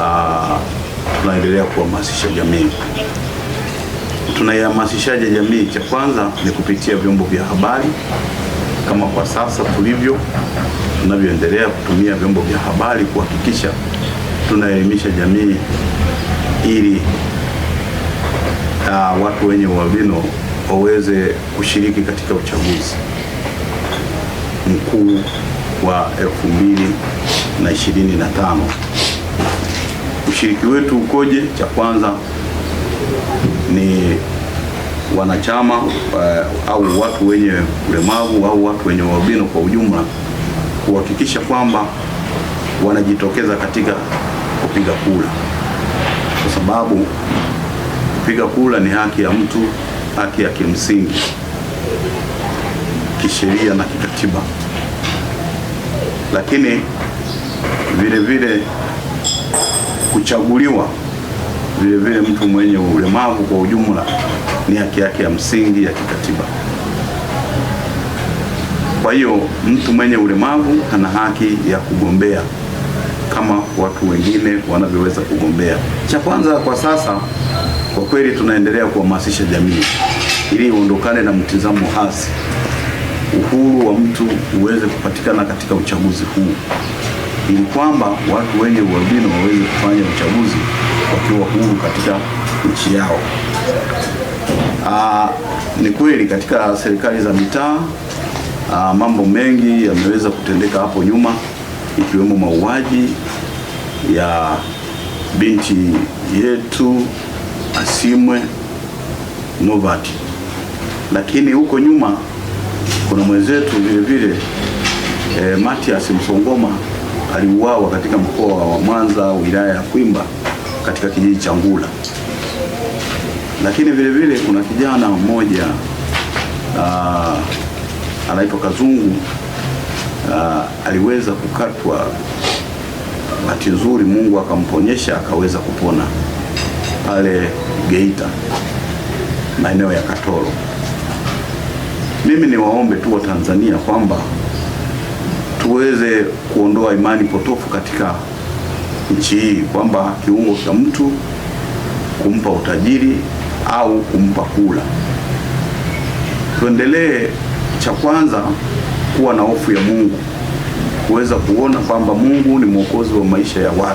Ah, tunaendelea kuhamasisha jamii. Tunaihamasishaje jamii? Cha kwanza ni kupitia vyombo vya habari kama kwa sasa tulivyo tunavyoendelea kutumia vyombo vya habari kuhakikisha tunaelimisha jamii ili uh, watu wenye ualbino waweze kushiriki katika uchaguzi mkuu wa 2025. Ushiriki wetu ukoje? Cha kwanza ni wanachama uh, au watu wenye ulemavu au watu wenye ualbino kwa ujumla kuhakikisha kwamba wanajitokeza katika kupiga kura, kwa sababu kupiga kura ni haki ya mtu, haki ya kimsingi kisheria na kikatiba, lakini vile vile kuchaguliwa vile vile mtu mwenye ulemavu kwa ujumla ni haki yake ya msingi ya kikatiba. Kwa hiyo mtu mwenye ulemavu ana haki ya kugombea kama watu wengine wanavyoweza kugombea. Cha kwanza kwa sasa, kwa kweli tunaendelea kuhamasisha jamii ili iondokane na mtizamo hasi, uhuru wa mtu uweze kupatikana katika uchaguzi huu ili kwamba watu wenye ualbino waweze kufanya uchaguzi wakiwa huru katika nchi yao. Aa, ah, ni kweli katika serikali za mitaa ah, mambo mengi yameweza kutendeka hapo nyuma ikiwemo mauaji ya binti yetu Asimwe novati lakini huko nyuma kuna mwenzetu vile vile eh, Matias Msongoma aliuawa katika mkoa wa Mwanza, wilaya ya Kwimba, katika kijiji cha Ngula. Lakini vile vile kuna kijana mmoja anaitwa Kazungu uh, aliweza kukatwa, bahati nzuri Mungu akamponyesha akaweza kupona pale Geita maeneo ya Katoro. Mimi niwaombe tu Watanzania kwamba tuweze kuondoa imani potofu katika nchi hii kwamba kiungo cha mtu kumpa utajiri au kumpa kula. Tuendelee cha kwanza kuwa na hofu ya Mungu, kuweza kuona kwamba Mungu ni mwokozi wa maisha ya watu.